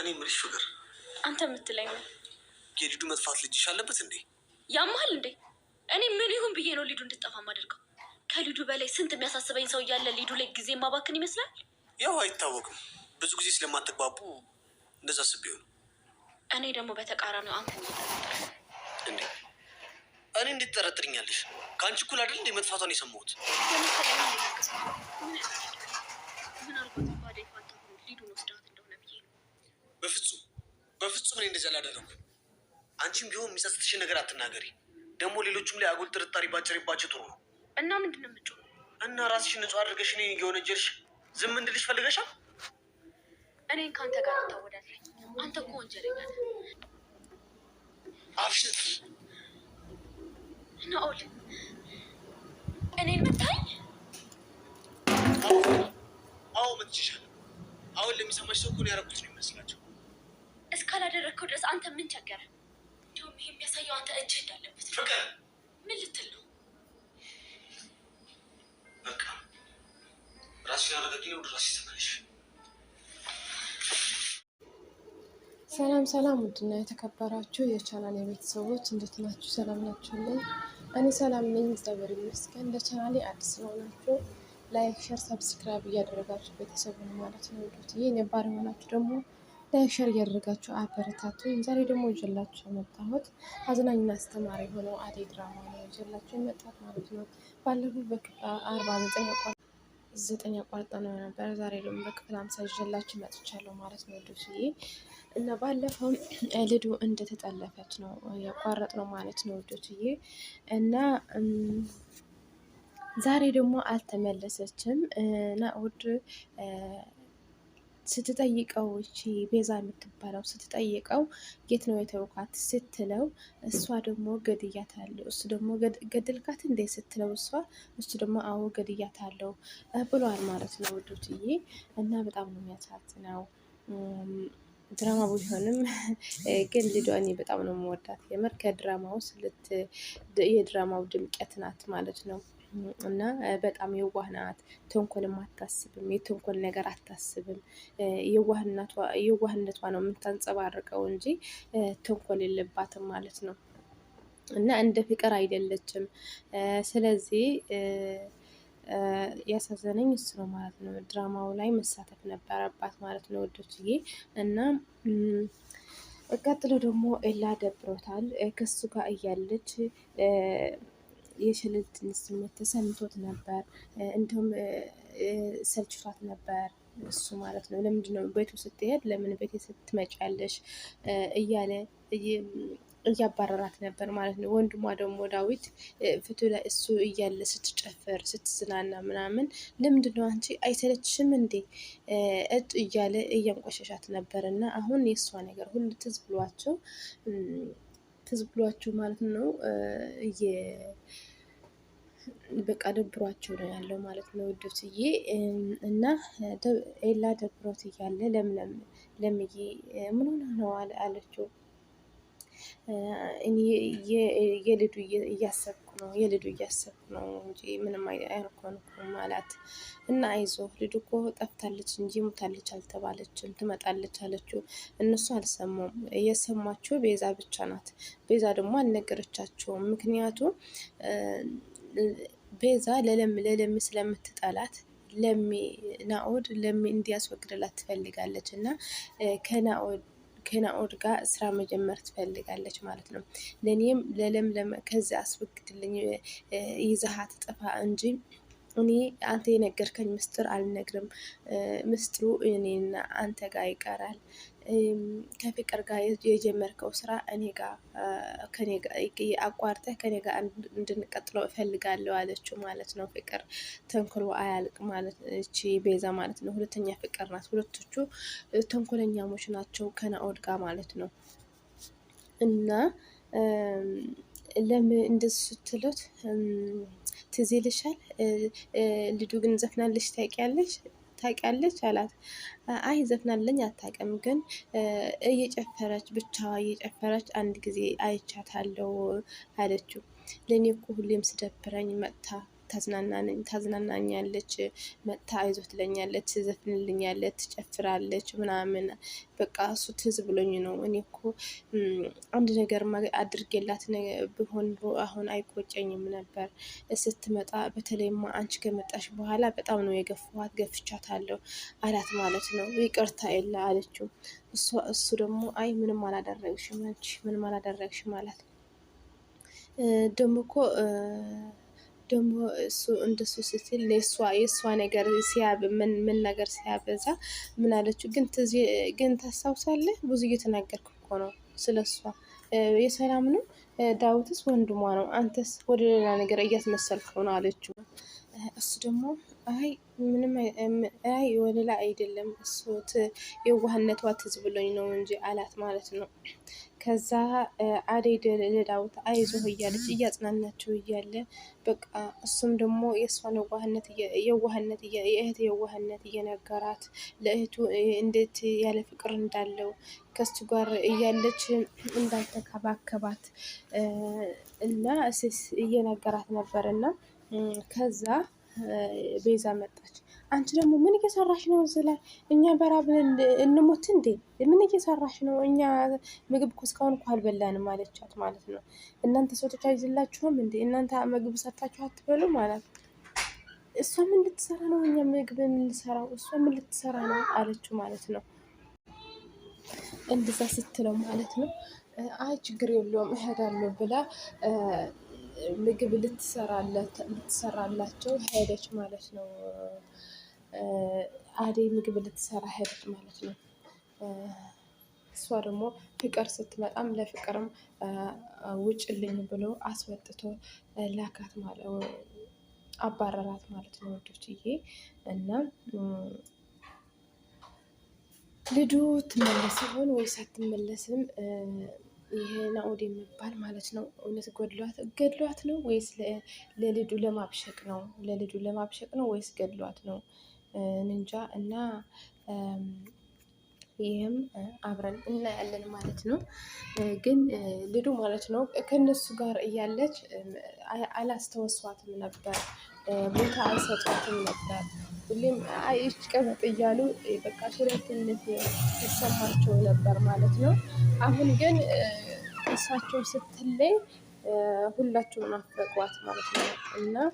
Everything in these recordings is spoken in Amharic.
እኔ የምልሽ ሹገር፣ አንተ የምትለኝ ነው የሊዱ መጥፋት ልጅሽ አለበት እንዴ? ያመሃል እንዴ? እኔ ምን ይሁን ብዬ ነው ሊዱ እንድጠፋ ማደርገው? ከሊዱ በላይ ስንት የሚያሳስበኝ ሰው እያለ ሊዱ ላይ ጊዜ ማባክን ይመስላል? ያው አይታወቅም፣ ብዙ ጊዜ ስለማትግባቡ እንደዛ ስቤው ነው። እኔ ደግሞ በተቃራኒው አንተ እንዴ እኔ እንዴት ከአንቺ እኩል አይደል እንዴ መጥፋቷን የሰማሁት? እኔ እንደዚህ አላደረኩ። አንቺም ቢሆን የሚጸጽትሽን ነገር አትናገሪ። ደግሞ ሌሎችም ላይ አጉል ጥርጣሬ ባጭሪባቸው ጥሩ ነው። እና ምንድን ነው የምትጮው? እና ራስሽን ንጹህ አድርገሽ እኔ የወነጀልሽ ዝም እንድልሽ ፈልገሻል? እኔን ከአንተ ጋር አታወዳለህ። አንተ እኮ ወንጀለኛ ነህ። አፍሽት ናኦል፣ እኔን ብታይ አዎ፣ መትችሻል። አሁን ለሚሰማሽ ሰው እኮ ነው ያደረኩት ነው የሚመስላቸው እስካላደረግከው ድረስ አንተ ምን ቸገረ? እንዲሁም ይህ የሚያሳየው አንተ እጅ እንዳለበት። ፍቅር ምን ልትል ነው? በቃ ራሱ ያረገግ ድረስ ይሰማለሽ። ሰላም ሰላም፣ ውድና የተከበራችሁ የቻናል የቤተሰቦች እንዴት ናችሁ? ሰላም ናችሁልኝ? እኔ ሰላም ነኝ፣ እግዚአብሔር ይመስገን። ቻናሌ አዲስ ስለሆናችሁ ላይክ፣ ሸር፣ ሰብስክራይብ እያደረጋችሁ ቤተሰቡን ማለት ነው። ይህ ነባር የሆናችሁ ደግሞ ላይሸር እያደረጋችሁ አበረታቱኝ። ዛሬ ደግሞ ይዤላችሁ የመጣሁት አዝናኝና አስተማሪ የሆነው አደይ ድራማ ነው ይዤላችሁ የመጣሁት ማለት ነው። ባለፈው በክፍል አርባ ዘጠኝ አቋር ዘጠኝ አቋርጠ ነው የነበረ። ዛሬ ደግሞ በክፍል አምሳ ይዤላችሁ መጥቻለሁ ማለት ነው ዱስዬ እና ባለፈው ልዱ እንደተጠለፈች ነው ያቋረጥ ነው ማለት ነው ዱስዬ እና ዛሬ ደግሞ አልተመለሰችም እና ውድ ስትጠይቀው እቺ ቤዛ የምትባለው ስትጠይቀው የት ነው የተውካት ስትለው እሷ ደግሞ ገድያታለሁ፣ እሱ ደግሞ ገድልካት እንዴ ስትለው እሷ እሱ ደግሞ አዎ ገድያታለሁ ብሏል ማለት ነው ውዱትዬ። እና በጣም ነው የሚያሳዝነው ድራማ ቢሆንም ግን ልጇ እኔ በጣም ነው የምወዳት የምር ከድራማ ውስጥ የድራማው ድምቀት ናት ማለት ነው። እና በጣም የዋህ ናት። ተንኮልም አታስብም፣ የተንኮል ነገር አታስብም። የዋህነቷ ነው የምታንጸባርቀው እንጂ ተንኮል የለባትም ማለት ነው እና እንደ ፍቅር አይደለችም። ስለዚህ ያሳዘነኝ እሱ ነው ማለት ነው። ድራማው ላይ መሳተፍ ነበረባት ማለት ነው ወዶችዬ እና ቀጥሎ ደግሞ ኤላ ደብሮታል ከሱ ጋር እያለች የሽልልት ስሜት ተሰምቶት ነበር። እንዲሁም ሰልችቷት ነበር እሱ ማለት ነው። ለምንድን ነው ቤቱ ስትሄድ ለምን ቤት ስትመጫለሽ እያለ እያባረራት ነበር ማለት ነው። ወንድሟ ደግሞ ዳዊት ፊቱ ላይ እሱ እያለ ስትጨፍር ስትዝናና ምናምን ለምንድን ነው አንቺ አይሰለችሽም እንዴ እጥ እያለ እያንቆሸሻት ነበር። እና አሁን የእሷ ነገር ሁሉ ትዝ ብሏቸው ትዝ ብሏቸው ማለት ነው በቃ ደብሯቸው ነው ያለው ማለት ነው ውዶችዬ። እና ኤላ ደብሮት እያለ ለምለም ለምዬ ምን ነው አለችው። የልዱ እያሰብኩ ነው የልዱ እያሰብኩ ነው እንጂ ምንም አያልኮንኩም አላት። እና አይዞ ልዱ እኮ ጠፍታለች እንጂ ሙታለች አልተባለችም ትመጣለች አለችው። እነሱ አልሰሙም። የሰማችው ቤዛ ብቻ ናት። ቤዛ ደግሞ አልነገረቻቸውም ምክንያቱም ቤዛ ለለም ለለም ስለምትጠላት ለሚ ናኦድ ለሚ እንዲያስወግድላት ትፈልጋለች እና ከናኦድ ከናኦድ ጋር ስራ መጀመር ትፈልጋለች ማለት ነው። ለእኔም ለለም ከዚ አስወግድልኝ ይዛሃት ትጠፋ እንጂ እኔ አንተ የነገርከኝ ምስጢር አልነግርም። ምስጢሩ እኔና አንተ ጋር ይቀራል። ከፍቅር ጋር የጀመርከው ስራ እኔ ጋር አቋርጠህ ከኔ ጋር እንድንቀጥለው እፈልጋለሁ አለችው ማለት ነው። ፍቅር ተንኮሎ አያልቅ ማለት እቺ ቤዛ ማለት ነው። ሁለተኛ ፍቅር ናት። ሁለቶቹ ተንኮለኛሞች ናቸው ከናኦድ ጋር ማለት ነው እና ለምን እንደዚህ ስትሉት ትዝ ይልሻል? ልዱ ግን ዘፍናለች ታውቂያለሽ ታውቂያለች አላት። አይ ዘፍናለኝ አታውቅም፣ ግን እየጨፈረች ብቻዋ እየጨፈረች አንድ ጊዜ አይቻታለው አለችው። ለእኔ እኮ ሁሌም ስደብረኝ መጥታ ታዝናናኛለች፣ መጥታ አይዞህ ትለኛለች፣ ትዘፍንልኛለች፣ ትጨፍራለች ምናምን በቃ እሱ ትዝ ብሎኝ ነው። እኔ እኮ አንድ ነገር አድርጌላት ብሆን አሁን አይቆጨኝም ነበር። ስትመጣ በተለይማ አንቺ ከመጣሽ በኋላ በጣም ነው የገፋኋት፣ ገፍቻታለሁ አላት ማለት ነው። ይቅርታ የለ አለችው። እሱ ደግሞ አይ ምንም አላደረግሽም አንቺ ምንም አላደረግሽም አላት። ደግሞ እኮ ደግሞ እሱ እንደሱ ስትል የእሷ ነገር ምን ነገር ሲያበዛ ምን አለችው? ግን ግን ታስታውሳለህ? ብዙ እየተናገርኩ እኮ ነው ስለ እሷ። የሰላም ነው ዳዊትስ ወንድሟ ነው። አንተስ ወደ ሌላ ነገር እያስመሰልከው ነው አለችው። እሱ ደግሞ አይ ምንም አይ ወሌላ አይደለም እሱ የዋህነቷ ትዝ ብሎኝ ነው እንጂ አላት ማለት ነው። ከዛ አደይ ለዳዊት አይዞህ እያለች እያጽናናቸው እያለ በቃ እሱም ደግሞ የእሷን የዋህነት የእህት የዋህነት እየነገራት ለእህቱ እንዴት ያለ ፍቅር እንዳለው ከሱ ጋር እያለች እንዳልተከባከባት እና እየነገራት ነበር እና ከዛ ቤዛ መጣች። አንቺ ደግሞ ምን እየሰራሽ ነው? እዚህ ላይ እኛ በራብ እንሞት እንዴ? ምን እየሰራሽ ነው? እኛ ምግብ እኮ እስካሁን እኮ አልበላንም አለቻት ማለት ነው። እናንተ ሴቶች አይዝላችሁም እንዴ? እናንተ ምግብ ሰርታችሁ አትበሉ ማለት ነው። እሷ ምን ልትሰራ ነው? እኛ ምግብ የምንሰራው እሷ ምን ልትሰራ ነው አለችው ማለት ነው። እንደዛ ስትለው ማለት ነው። አይ ችግር የለውም እሄዳለሁ ብላ ምግብ ልትሰራላቸው ሄደች ማለት ነው። አደይ ምግብ ልትሰራ ሄደች ማለት ነው። እሷ ደግሞ ፍቅር ስትመጣም ለፍቅርም ውጭልኝ ብሎ አስወጥቶ ላካት አባረራት ማለት ነው ወዶችዬ እና ልዱ ትመለስ ይሆን ወይ ሳትመለስም ይሄ ናኦድ የሚባል ማለት ነው እውነት ገድሏት ገድሏት ነው ወይስ ለልዱ ለማብሸቅ ነው? ለልዱ ለማብሸቅ ነው ወይስ ገድሏት ነው? እንጃ እና ይህም አብረን እናያለን ማለት ነው። ግን ልዱ ማለት ነው ከእነሱ ጋር እያለች አላስተወሷትም ነበር፣ ቦታ አልሰጧትም ነበር። ሁሌም አይች ቀበጥ እያሉ በቃ ሽረትነት ይሰማቸው ነበር ማለት ነው። አሁን ግን እሳቸው ስትለይ ሁላቸውን አፈቋት ማለት ነው እና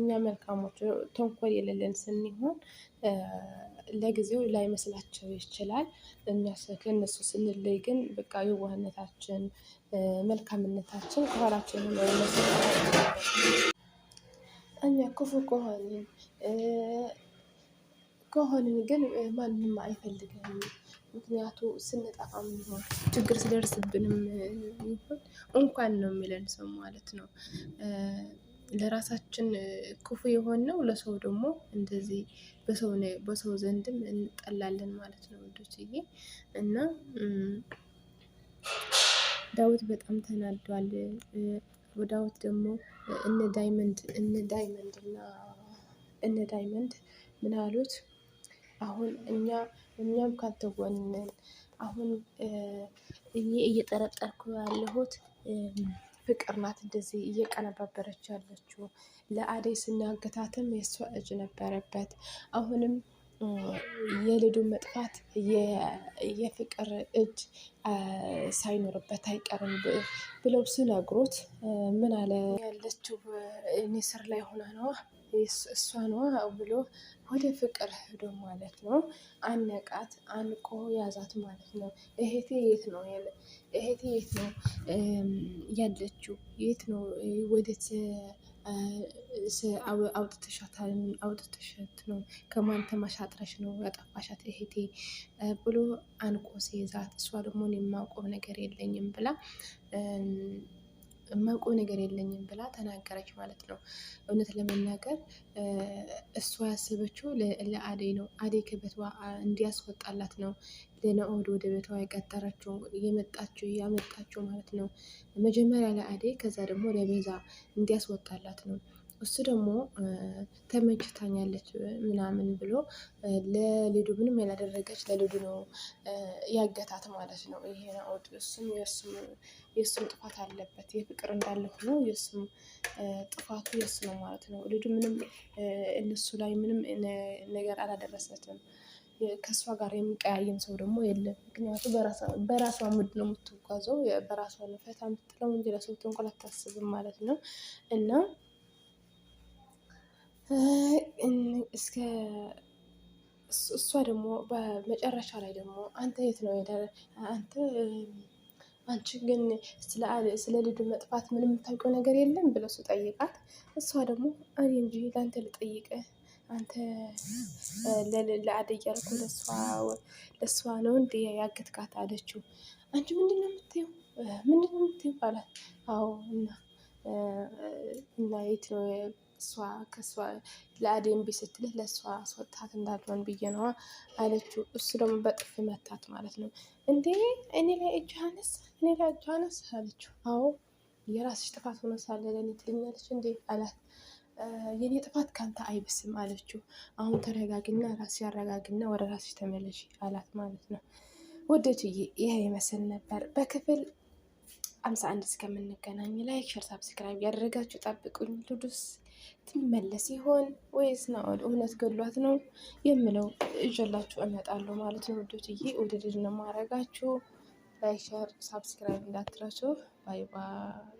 እኛ መልካሞች ተንኮል የሌለን ስንሆን ለጊዜው ላይመስላቸው ይችላል። እኛ ከእነሱ ስንለይ ግን በቃ የዋህነታችን፣ መልካምነታችን ከኋላችን ነው እኛ ክፉ ከሆንን ከሆንን ግን ማንም አይፈልግም። ምክንያቱ ስንጠፋም ይሆን ችግር ሲደርስብንም ይሆን እንኳን ነው የሚለን ሰው ማለት ነው። ለራሳችን ክፉ የሆነው ለሰው ደግሞ እንደዚህ በሰው ዘንድም እንጠላለን ማለት ነው ውዶችዬ። እና ዳዊት በጣም ተናዷል። ዳዊት ደግሞ እነ ዳይመንድ እነ ዳይመንድ እና እነ ዳይመንድ ምን አሉት? አሁን እኛ እኛም ካልተጎንን አሁን እየጠረጠርኩ ያለሁት ፍቅር ናት እንደዚህ እየቀነባበረች ያለችው። ለአደይ ስናገታትም የእሷ እጅ ነበረበት። አሁንም የልዱ መጥፋት የፍቅር እጅ ሳይኖርበት አይቀርም ብለው ሲነግሩት ምን አለ ያለችው እኔ ስር ላይ ሆና ነዋ እሷ ነዋ ብሎ ወደ ፍቅር ሄዶ ማለት ነው። አነቃት፣ አንቆ ያዛት ማለት ነው። እህቴ የት ነው እህቴ የት ነው ያለችው? የት ነው ወዴት አውጥተሻት ነው ከማን ተመሻጥረሽ ነው ያጠፋሻት እህቴ ብሎ አንቆ ሲይዛት፣ እሷ ደግሞ የማውቀው ነገር የለኝም ብላ የማውቀው ነገር የለኝም ብላ ተናገረች ማለት ነው። እውነት ለመናገር እሷ ያሰበችው ለአደይ ነው። አደይ ከቤቷ እንዲያስወጣላት ነው ለነኦድ ወደ ቤቷ የቀጠረችው የመጣችው ያመጣችው ማለት ነው። መጀመሪያ ለአደይ ከዛ ደግሞ ለቤዛ እንዲያስወጣላት ነው። እሱ ደግሞ ተመችታኛለች ምናምን ብሎ ለልዱ ምንም ያላደረገች ለልዱ ነው ያገታት ማለት ነው። ይሄ ነው እሱም የእሱም ጥፋት አለበት። የፍቅር እንዳለ ሆኖ የእሱም ጥፋቱ የእሱ ነው ማለት ነው። ልዱ ምንም እነሱ ላይ ምንም ነገር አላደረሰትም። ከእሷ ጋር የሚቀያየም ሰው ደግሞ የለም። ምክንያቱ በራሷ ሙድ ነው የምትጓዘው፣ በራሷ ንፈት ምትለው እንጂ ለሰው ተንኮል አታስብም ማለት ነው እና እስከ እሷ ደግሞ በመጨረሻ ላይ ደግሞ አንተ የት ነው ሄደ? አንተ አንቺ ግን ስለ ልጁ መጥፋት ምንም የምታውቀው ነገር የለም ብለው እሱ ጠይቃት። እሷ ደግሞ እኔ እንጂ ለአንተ ልጠይቅ አንተ ለአደይ ያልኩ ለእሷ ነው እንዲ ያገትካት አለችው። አንቺ ምንድን ነው የምትይው? ምንድን ነው የምትይው አላት። አዎ እና እና የት ነው እሷ ከእሷ ለአዴም ቢ ስትልህ ለእሷ አስወጣት እንዳልሆን ብዬ ነዋ አለችው። እሱ ደግሞ በጥፊ መታት ማለት ነው። እንዴ እኔ ላይ እጅ አነስ፣ እኔ ላይ እጅ አነስ አለችው። አዎ የራስሽ ጥፋት ሆኖ ሳለ ለእኔ ትልኛለች እንዴ አላት። የኔ ጥፋት ካንተ አይብስም አለችው። አሁን ተረጋግና ራስሽ አረጋግና ወደ ራስሽ ተመለሽ አላት ማለት ነው። ወደችዬ ይሄ ይመስል ነበር በክፍል አምሳ አንድ እስከምንገናኝ ላይክ፣ ሸር፣ ሳብስክራይብ ያደረጋችሁ ጠብቁኝ። ሉዱስ ትመለስ ይሆን ወይስ ናኦል እውነት ገሏት ነው የምለው እጀላችሁ እመጣለሁ ማለት ነው። ውዶች ይ ውድድር ነው ማድረጋችሁ። ላይክ፣ ሸር፣ ሳብስክራይብ እንዳትረሱ። ባይ ባይ